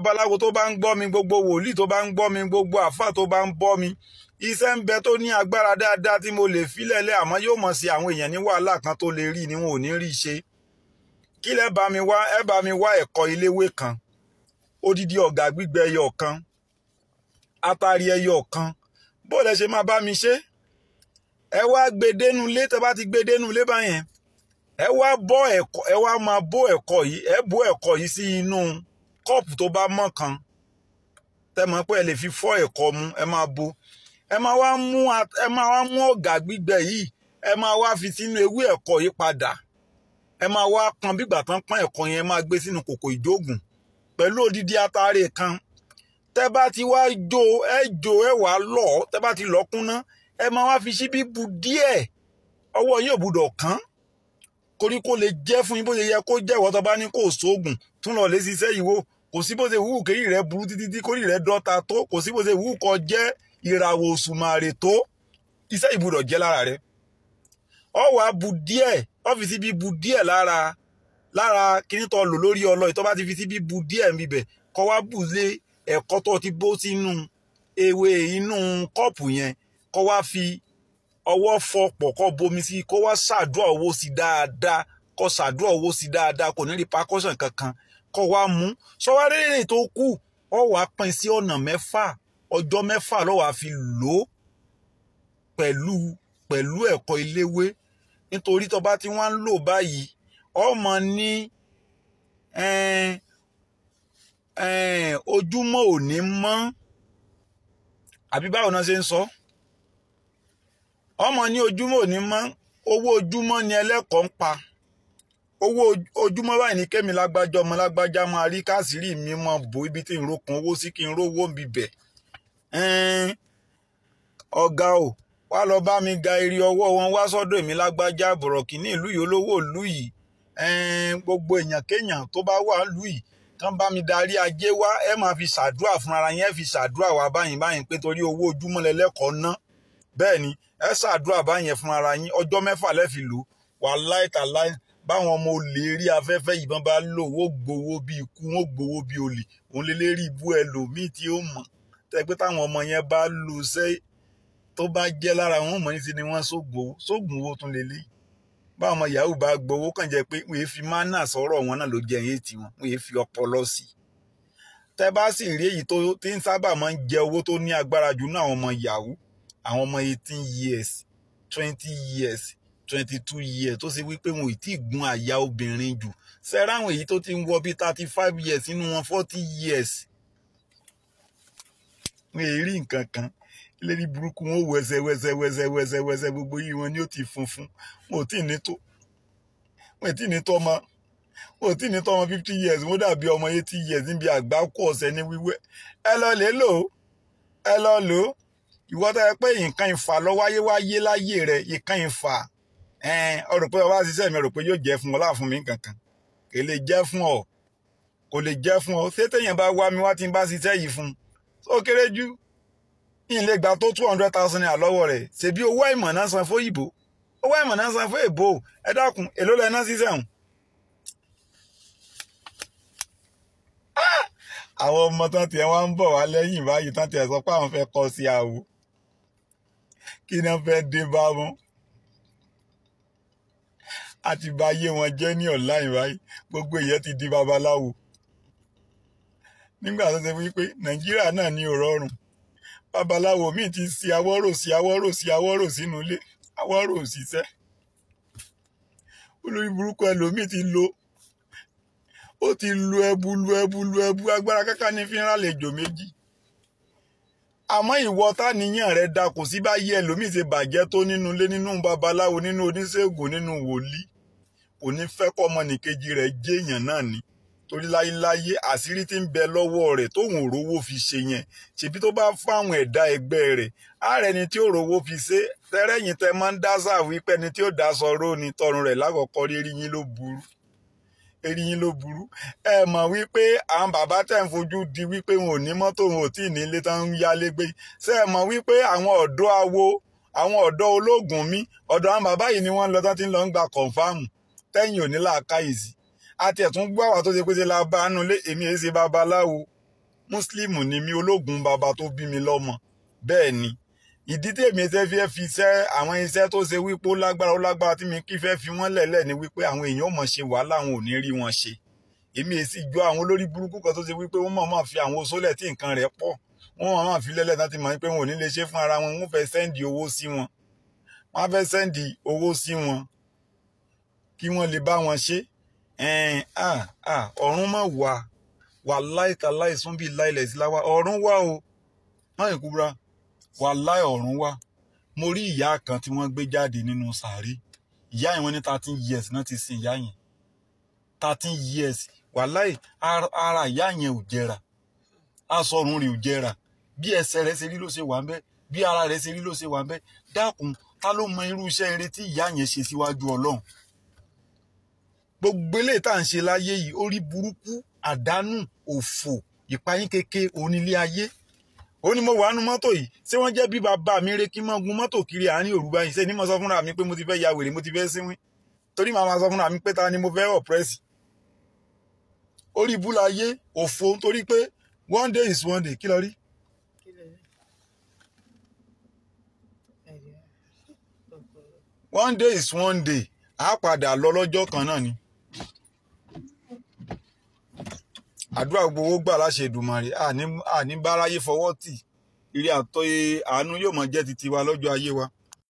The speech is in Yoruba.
babaláwo tó bá ń gbọ́ mi gbogbo wòlíì tó bá ń gbọ́ mi gbogbo àfà tó bá ń bọ́ mi iṣẹ́ ń bẹ tó ní agbára dáadáa tí mo lè filẹ̀lẹ̀ àmọ́ yóò mọ̀ sí àwọn èèyàn ní wàhálà kan tó lè rí ni wọn ò ní rí ṣe kí lẹ́ bá mi wá ẹ bá mi wá ẹ̀kọ́ iléwé kan odidi ọ̀gà gbígbẹ ẹyọ kan atari ẹyọ kan bó lẹ ṣe máa bá mi ṣe ẹ wá gbedénu lé tẹ bá ti gbedénu lé báyẹn ẹ wá bọ́ ẹ̀kọ́ ẹ wá máa bó ẹ̀kọ́ yìí ẹ bó ẹ̀kọ́ yìí sí inú kọ́ọ̀pù tó bá mọ̀ kan tẹ́ mọ̀ pé ẹ lè fi fọ́ ẹ̀kọ mu ẹ máa bo ẹ máa wá mú ẹ máa wá mú ọ̀gà gbígbẹ yìí ẹ máa wá fi sínú ewé ẹ̀kọ yìí padà ẹ máa wá pọn bí gbàtán pọn ẹ̀kọ yẹn máa gbé sínú kòkò ìdógùn pẹ̀lú odidi atare kan tẹ́ bá ti wá jó ẹ jó ẹ wá lọ tẹ́ bá ti lọ kúnná ẹ máa wá fi síbí bu díẹ̀ ọwọ́ yóò gbúdọ̀ kán koríko lè jẹ́ fún yín bó ṣe yẹ kó jẹ́ ìwọ́tọ̀ bá ní kò sóògùn tún lọ lé ṣiṣẹ́ yìí wò kò sí bó ṣe wù kéyìí rẹ burú títí tí kórìí rẹ dọ́ta tó kò sí bó ṣe wù kọ jẹ́ ìràwọ̀ òṣùmàrè tó iṣẹ́ ìbúdọ̀ jẹ́ lára rẹ ọ wà bu díẹ̀ ọ́fíìsì bíi bu díẹ̀ lára lára kíní tó lò lórí ọlọ ìtọ́ bá ti fi sí bíi bu díẹ̀ ń bibẹ̀ kọ́ wá bù lé ẹ̀kọ́ tó ti bó sínú ewé inú kọ́ọ̀pù yẹn kọ́ wá fi ọwọ́ fọ pọ̀ kọ́ bomi sí kó wá ṣàdúrà owó sí dáadáa kọ́ ṣàdúrà owó sí dáadáa kò ní rí percussion kankan kọ́ wa mú ṣọwárí èrè tó kù ọ wàá pín sí ọ̀nà mẹ́fà ọjọ́ mẹ́fà ló wàá fi lò ó pẹ̀lú pẹ̀lú ẹ̀kọ́ iléwé nítorí tó bá ti wá ń lò báyìí ọmọ ní eh, eh, ojúmọ́ ò ní mọ́ àbí báwo náà ṣe ń sọ ọmọ ní ojúmọ́ ò ní mọ́ owó ojúmọ́ ni ẹlẹ́kọ̀ọ́ ń pa owó ojúmọ́ báyìí ní kẹ́mi lágbájá ọmọ lágbájá máa rí káàsìrì mi mọ̀ bò ibi tí n rokun owó sí kí n rówó mi ọ̀gá o wá lọ bá mi ga eré ọwọ́ wọn wá sọ́dọ̀ èmi lágbájá bọ̀rọ̀kì ní ìlú yìí olówó ìlú yìí gbogbo èèyàn kéèyàn tó bá wà lù yìí tán bá mi darí ajé wá ẹ máa fi ṣàdúrà fún ara yín ẹ fi ṣàdúrà wá báyìí báyìí pé torí owó ojúmọ́ lẹ́lẹ́kọ̀ọ́ ná bẹ́ẹ̀ ni ẹ ṣàdúrà báyìí fún ara yín ọjọ́ mẹ́fà lẹ́fi lò wà láìta láìta báwọn ọmọ olè rí afẹ́fẹ́ yìí bá lò wọ́n gbowó bí ikú wọ́n gbowó bí olè òun lè lérí ibú ẹlòmíì tí ó mọ̀ tẹ́gbẹ́ táwọn ọmọ yẹn bá lò sẹ́yìn tó bá jẹ́ lára wọn mọ̀ ní ti ni wọ́n sógun owó sógun owó tún lè lé báwọn ọmọ yahoo bá gbowó kàn jẹ́ pé wọ́n fi mánà sọ̀rọ̀ wọn náà ló jẹ́ èyí tí wọn wọ́n fi ọpọlọ sí i tẹ́ bá sì rí èyí tó ti ń sábà máa ń jẹ owó tó ní agbára jù náà àwọn ọmọ yahoo àwọn ọmọ eighteen years twenty years twenty two years tó ṣe wípé wọn ò tí ì gun àyà obìnrin jù ṣẹ́rá àwọn èyí tó ti ń wọ bíi thirty five years inú wọn forty years wọn èyí rí nǹkan kan lérí burúkú wọn ò wẹsẹ wẹsẹ wẹsẹ wẹsẹ wẹsẹ gbogbo yìí wọn ni ó ti funfun wọn ò tí ì ní tó wọn ò tí ì ní tó ọmọ wọn ò tí ì ní tó ọmọ fifty years wọn dàbí ọmọ eighty years níbi àgbákò ọ̀sẹ̀ ní wíwẹ́ ẹ lọ lè lò ó ẹ lọ lò ó ìwọ tó yẹ pé nǹkan ìfà lọ wáyé wáyé láyé rẹ nǹkan ìfà ẹn ọ rò pé ọba ṣiṣẹ́ mi rò pé yóò jẹ́ fún ọ láàfún mi kankan kò lè jẹ́ fún ọ kò lè jẹ́ fún ọ ṣé téèyàn bá wá mi wá tí n bá ṣiṣẹ́ yìí fún tó kéré jù yìí lè gba tó two hundred thousand naira lọ́wọ́ rẹ̀ ṣèbí owó àìmọ̀ náà san fún ìbò owó àìmọ̀ náà san fún ìbò ẹ dákun èló lẹ ná ṣiṣẹ́ hùn. Ah! àwọn ọmọ tán tiẹ̀ wá ń bọ̀ wá lẹ́yìn báyìí tán tiẹ̀ sọ pé àwọn fẹ́ kọ́ sí àwò kí ni wọ́n fẹ́ dé bá wọn a ti bà ayé wọn jẹ́ ní online báyìí gbogbo èèyàn ti di babaláwo nígbà tó ṣe wípé nàìjíríà náà ní ò rọrùn babaláwo míì ti ṣe awọ́rò sí awọ́rò sí awọ́rò sínú ilé awọ́rò òṣìṣẹ́ olórí burúkú ẹlòmíì ti lo ó ti lu ẹbu lu ẹbu lu ẹbu agbára kákà ní fínra lè méjì àmọ́ ìwọ táníyàn rẹ da kò sí bá yẹ ẹlòmíì ṣe bàjẹ́ tó nínú ilé nínú babaláwo nínú oníṣègùn nínú wòlíì kò ní fẹ́ kọ́ ọmọnìkejì rẹ̀ jéèyàn náà ni torí láyéláyé àṣírí tí ń bẹ lọ́wọ́ rẹ̀ tóun òrówó fi ṣe yẹn ṣèbí tó bá fáwọn ẹ̀dá ẹgbẹ́ rẹ̀ ààrẹ ni tí òrówó fi ṣe tẹ́rẹ́yìn tẹ máa ń dá sáà wípé ẹni tí ó dá sọ róò ni tọrùn rẹ̀ lákọ̀ọ́kọ́ rírí yín ló burú eré yín ló burú ẹ mọ̀ wípé àwọn bàbá tẹ̀ ń fojú di wípé wọn ò ní mọ́tò wọn ò tí ì ní ilé tán ń yálé gbé ṣé ẹ mọ̀ wípé àwọn ọ̀dọ́ awo àwọn ọ̀dọ́ ológun mi ọ̀dọ̀ àwọn bàbá yìí ni wọ́n ń lọ tán ti ń lọ ń gba kọ̀ǹfàmù tẹ́yìn ò ní làákàyè sí àti ẹ̀tún gbọ́ àwọn tó ṣe pé ṣe la bá nù lé èmi èsì babaláwo mùsùlùmù ni mi ológun bàbá tó bí mi lọ́mọ bẹ́ẹ̀ ni ìdí tèmi fẹ́ fẹ́ fi iṣẹ́ àwọn iṣẹ́ tó ṣe wípé ó lágbára ó lágbára tí mi kì í fẹ́ fi wọ́n lẹ̀lẹ̀ ni wípé àwọn èèyàn ò mọ̀ ṣe wàhálà àwọn ò ní rí wọn ṣe èmi èsì jọ àwọn olórí burúkú kan tó ṣe wípé wọ́n mọ̀ máa fi àwọn oṣólẹ̀ tí nǹkan rẹ̀ pọ̀ wọ́n mọ̀ máa fi lẹ́lẹ̀ láti mọ̀ pé wọn ò ní lè ṣe fún ara wọn wọ́n fẹ́ sẹ́ndì owó sí wọn wọ́n fẹ́ sẹ́ndì owó sí wọn kí wọ́n lè bá wọn ṣe ọ̀run mọ̀ wà wà láìta láìsún bíi láìlẹ̀ sí láwa ọ̀run wà o má yẹ kúra wàláì ọ̀run wà mo rí ìyá kan tí wọ́n gbé jáde nínú sàárè ìyá yẹn wọ́n ní thirteen years náà ti sin ìyá yẹn thirteen years wàláì ara ìyá yẹn ò jẹrà aṣọrun rẹ̀ ò jẹrà bí ẹsẹ̀ rẹ̀ ṣe rí ló ṣe wà ń bẹ̀ bí ara rẹ̀ ṣe rí ló ṣe wà ń bẹ̀ dákun ta ló mọ irú iṣẹ́ eré tí ìyá yẹn ṣe síwájú ọlọ́run gbogbo eléyìí tá à ń ṣe láyé yìí orí burúkú àdánù òfò ìpayín keke onílé ayé ó ní mo wà nú mọ́tò yìí ṣé wọ́n jẹ́ bí bàbá mi re kí n mọ́tò kiri àárín òru báyìí ṣé ni mo sọ fúnra mi pé mo ti fẹ́ ya wèrè mo ti fẹ́ síwín torí màá ma sọ fúnra mi pé ta ni mo fẹ́ ọ̀pẹ́rẹ́sì orí ibú òfo torí pé one day is one day kí lọ rí. one day is one day a padà lọ lọ́jọ́ kan náà ni. àdúrà gbogbo gbà láṣẹ Èdùmàrè àní báráyé fọwọ́ tì ire àtọyé àánú yóò máa jẹ́ ti tiwa lọ́jọ́ ayé wa.